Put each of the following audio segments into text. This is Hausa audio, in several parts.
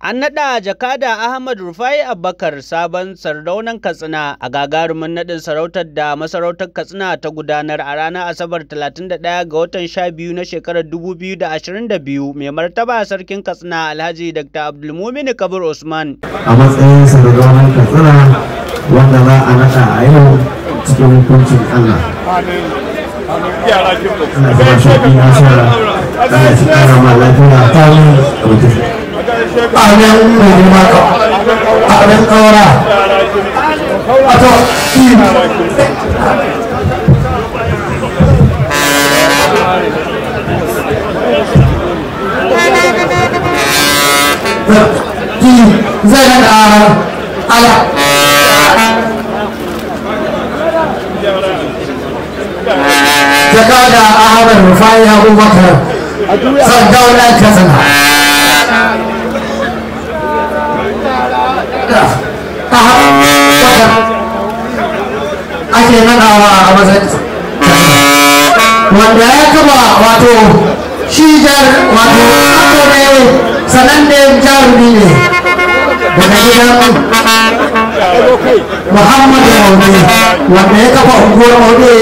An naɗa jakada Ahmad Rufai Abubakar sabon sardaunan Katsina a gagarumin naɗin sarautar da masarautar Katsina ta gudanar a ranar Asabar 31 ga watan 12 na shekarar 2022 mai martaba sarkin Katsina Alhaji Dr. Abdulmumin Kabir Usman. A matsayin sardaunan Katsina wanda za a naɗa a yau cikin hukuncin Allah. Ina zama shafi nasara, Allah shi kara ma lafiya ta wani amen mako amen kawara ato tim thì giai đoạn à à là Jakarta Ahmed Rufai Abu Bakar Sanggau dan Kasana ake nadawa a wanda ya kaba wato shi jar wato ako ne sanannen jarumi ne daga gidan muhammadu maude wanda ya kafa unguwar maude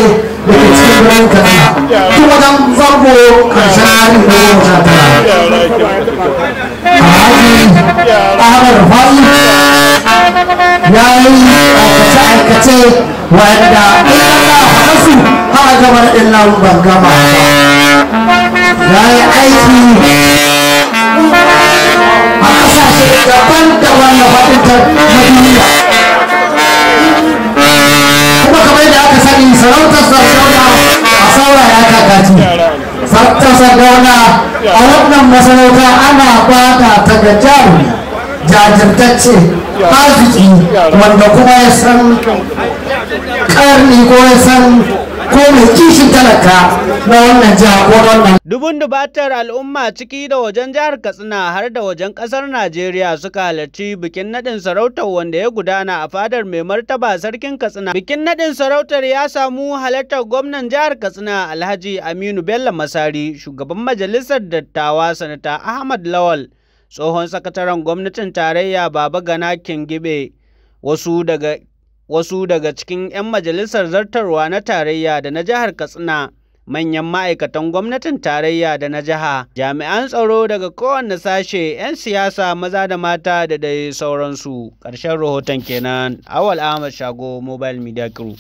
da ke cikin birnin kaduna Kuma wajen zango karshen hari da goma sha tara alhaji ahmad fali ya yi aikace wanda in na haɗa su har gama da ɗin namu ban gama ya yi aiki a ƙasashe daban-daban na faɗintar na duniya kuma kamar da aka sani sarautar sarsauna a saura ya kakaci sarautar sarsauna a wannan masarauta ana ba ta ta gajaru jajirtacce wanda kuma ya san karni ko mai kishin talaka na wannan jiha ko wannan. Dubun dubatar al'umma ciki da wajen jihar Katsina har da wajen ƙasar Najeriya suka halarci bikin naɗin sarautar wanda ya gudana a fadar mai martaba sarkin Katsina. Bikin naɗin sarautar ya samu halartar gwamnan jihar Katsina Alhaji Aminu Bello Masari, shugaban majalisar dattawa sanata Ahmad Lawal. tsohon sakataren gwamnatin tarayya Baba Gana Kingibe wasu daga wasu daga cikin 'yan majalisar zartarwa na tarayya da na jihar Katsina manyan ma'aikatan gwamnatin tarayya da na jiha jami'an tsaro daga kowanne sashe 'yan siyasa maza da mata da dai sauransu ƙarshen rahoton kenan awal ahmad shago mobile media crew